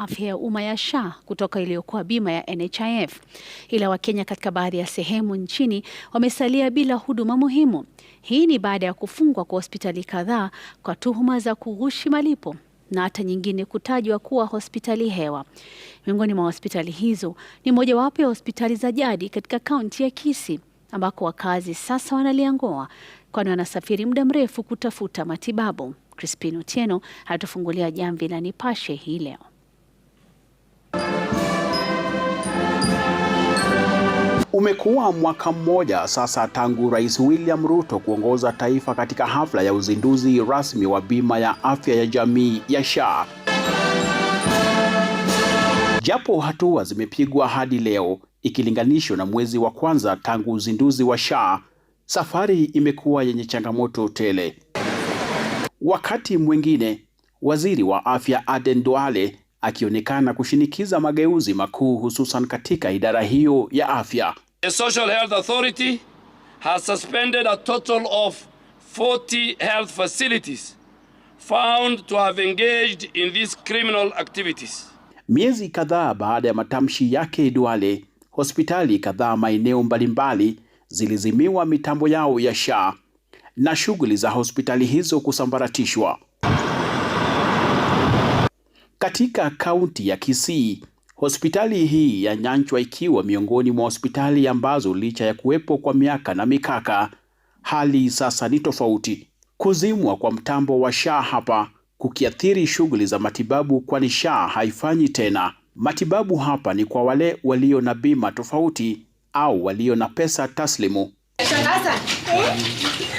afya ya umma ya SHA kutoka iliyokuwa bima ya NHIF. Ila Wakenya katika baadhi ya sehemu nchini wamesalia bila huduma muhimu. Hii ni baada ya kufungwa kwa hospitali kadhaa kwa tuhuma za kughushi malipo na hata nyingine kutajwa kuwa hospitali hewa. Miongoni mwa hospitali hizo ni mojawapo ya hospitali za jadi katika kaunti ya Kisii ambako wakazi sasa wanalia ngoa kwani wanasafiri muda mrefu kutafuta matibabu. Crispin Otieno hatufungulia jamvi la Nipashe hii leo. Umekuwa mwaka mmoja sasa tangu Rais William Ruto kuongoza taifa katika hafla ya uzinduzi rasmi wa bima ya afya ya jamii ya SHA. Japo hatua zimepigwa hadi leo ikilinganishwa na mwezi wa kwanza tangu uzinduzi wa SHA, safari imekuwa yenye changamoto tele. Wakati mwingine waziri wa afya Aden Duale akionekana kushinikiza mageuzi makuu, hususan katika idara hiyo ya afya. The Social Health Authority has suspended a total of 40 health facilities found to have engaged in these criminal activities. Miezi kadhaa baada ya matamshi yake Duale, hospitali kadhaa maeneo mbalimbali zilizimiwa mitambo yao ya SHA na shughuli za hospitali hizo kusambaratishwa. Katika kaunti ya Kisii, Hospitali hii ya Nyanchwa ikiwa miongoni mwa hospitali ambazo licha ya kuwepo kwa miaka na mikaka, hali sasa ni tofauti. Kuzimwa kwa mtambo wa SHA hapa kukiathiri shughuli za matibabu, kwani SHA haifanyi tena matibabu hapa. Ni kwa wale walio na bima tofauti au walio na pesa taslimu.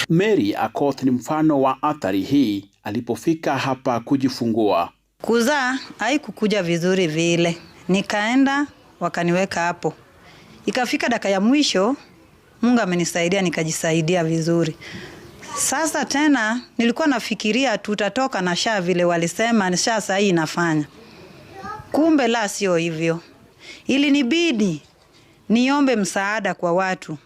Mary Akoth ni mfano wa athari hii alipofika hapa kujifungua. Kuzaa haikukuja vizuri vile Nikaenda wakaniweka hapo, ikafika dakika ya mwisho, Mungu amenisaidia nikajisaidia vizuri. Sasa tena nilikuwa nafikiria tutatoka na sha vile walisema sha sahii inafanya, kumbe la sio hivyo. Ilinibidi niombe msaada kwa watu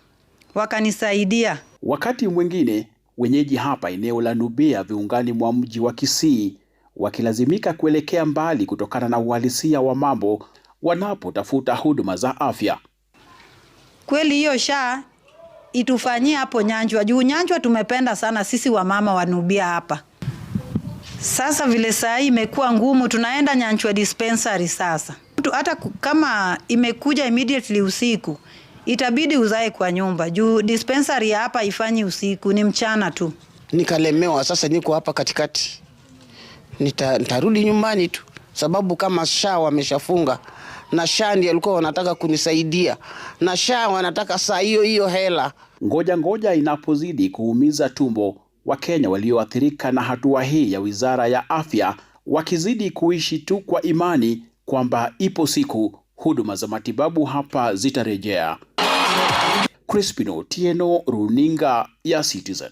wakanisaidia. Wakati mwingine wenyeji hapa eneo la Nubia viungani mwa mji wa Kisii wakilazimika kuelekea mbali kutokana na uhalisia wa mambo wanapotafuta huduma za afya. Kweli hiyo sha itufanyie hapo Nyanjwa juu Nyanjwa tumependa sana sisi wamama wanubia hapa. Sasa vile saa hii imekuwa ngumu, tunaenda Nyanjwa dispensary sasa. Hata kama imekuja immediately usiku, itabidi uzae kwa nyumba juu dispensary hapa ifanyi usiku, ni mchana tu. Nikalemewa sasa, niko hapa katikati, nitarudi nita nyumbani tu, sababu kama sha wameshafunga na sha ndiye alikuwa wanataka kunisaidia, na sha wanataka saa hiyo hiyo hela. Ngoja ngoja inapozidi kuumiza tumbo, Wakenya walioathirika na hatua hii ya wizara ya afya wakizidi kuishi tu kwa imani kwamba ipo siku huduma za matibabu hapa zitarejea. Crispino Tieno, runinga ya Citizen.